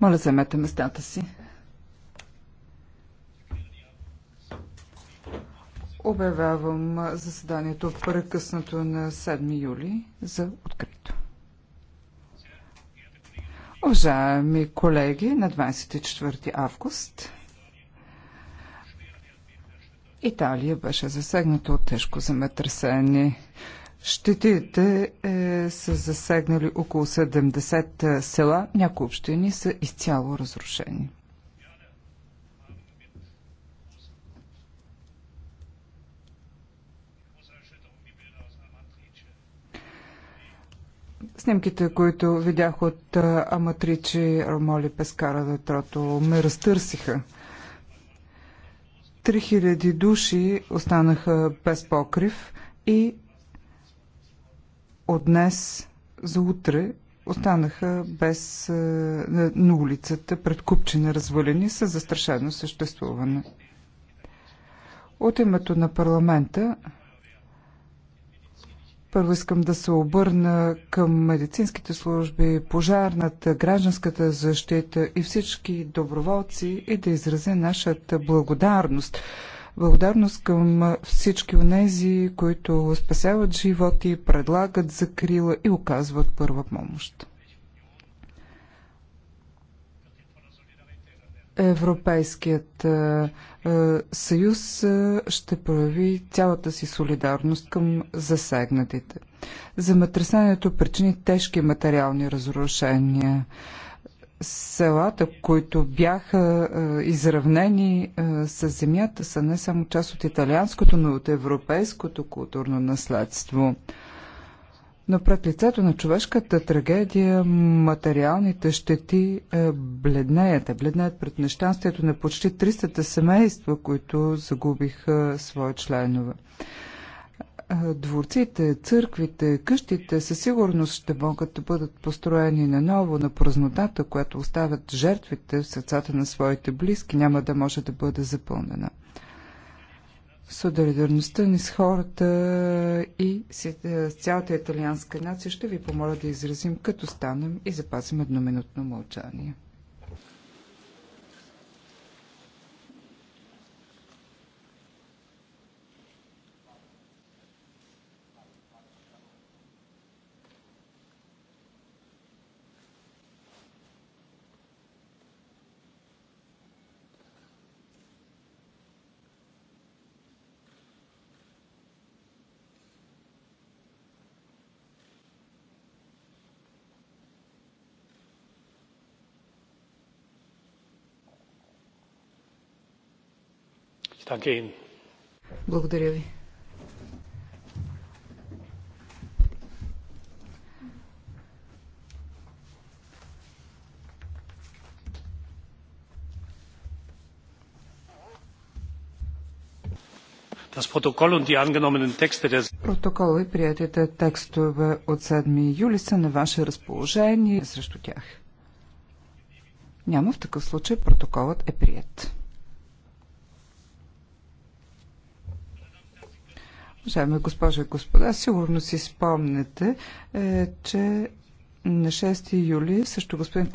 Моля, заемете местата си. Обявявам заседанието прекъснато на 7 юли за открито. Уважаеми колеги, на 24 август Италия беше засегната от тежко земетресение. Щетите е, са засегнали около 70 е, села, някои общини са изцяло разрушени. Снимките, които видях от е, Аматричи, Ромоли, Пескара, Детрото, ме разтърсиха. 3000 души останаха без покрив и от днес за утре останаха без е, на улицата пред купчина развалени с застрашено съществуване. От името на парламента първо искам да се обърна към медицинските служби, пожарната, гражданската защита и всички доброволци и да изразя нашата благодарност Благодарност към всички тези, които спасяват животи, предлагат закрила и оказват първа помощ. Европейският е, е, съюз е, ще прояви цялата си солидарност към засегнатите. Земетресението причини тежки материални разрушения селата, които бяха е, изравнени е, с земята, са не само част от италианското, но и от европейското културно наследство. Но пред лицето на човешката трагедия материалните щети е, бледнеят. Бледнеят пред нещастието на почти 300 семейства, които загубиха свои членове дворците, църквите, къщите със сигурност ще могат да бъдат построени наново на празнотата, която оставят жертвите в сърцата на своите близки, няма да може да бъде запълнена. Солидарността ни с хората и с е, цялата италианска нация ще ви помоля да изразим, като станем и запазим едноминутно мълчание. Благодаря ви. Протокола и приятите текстове от 7 юли са на ваше разположение срещу тях. Няма в такъв случай протоколът е прият. Уважаеми госпожа и господа, сигурно си спомнете, е, че на 6 юли също господин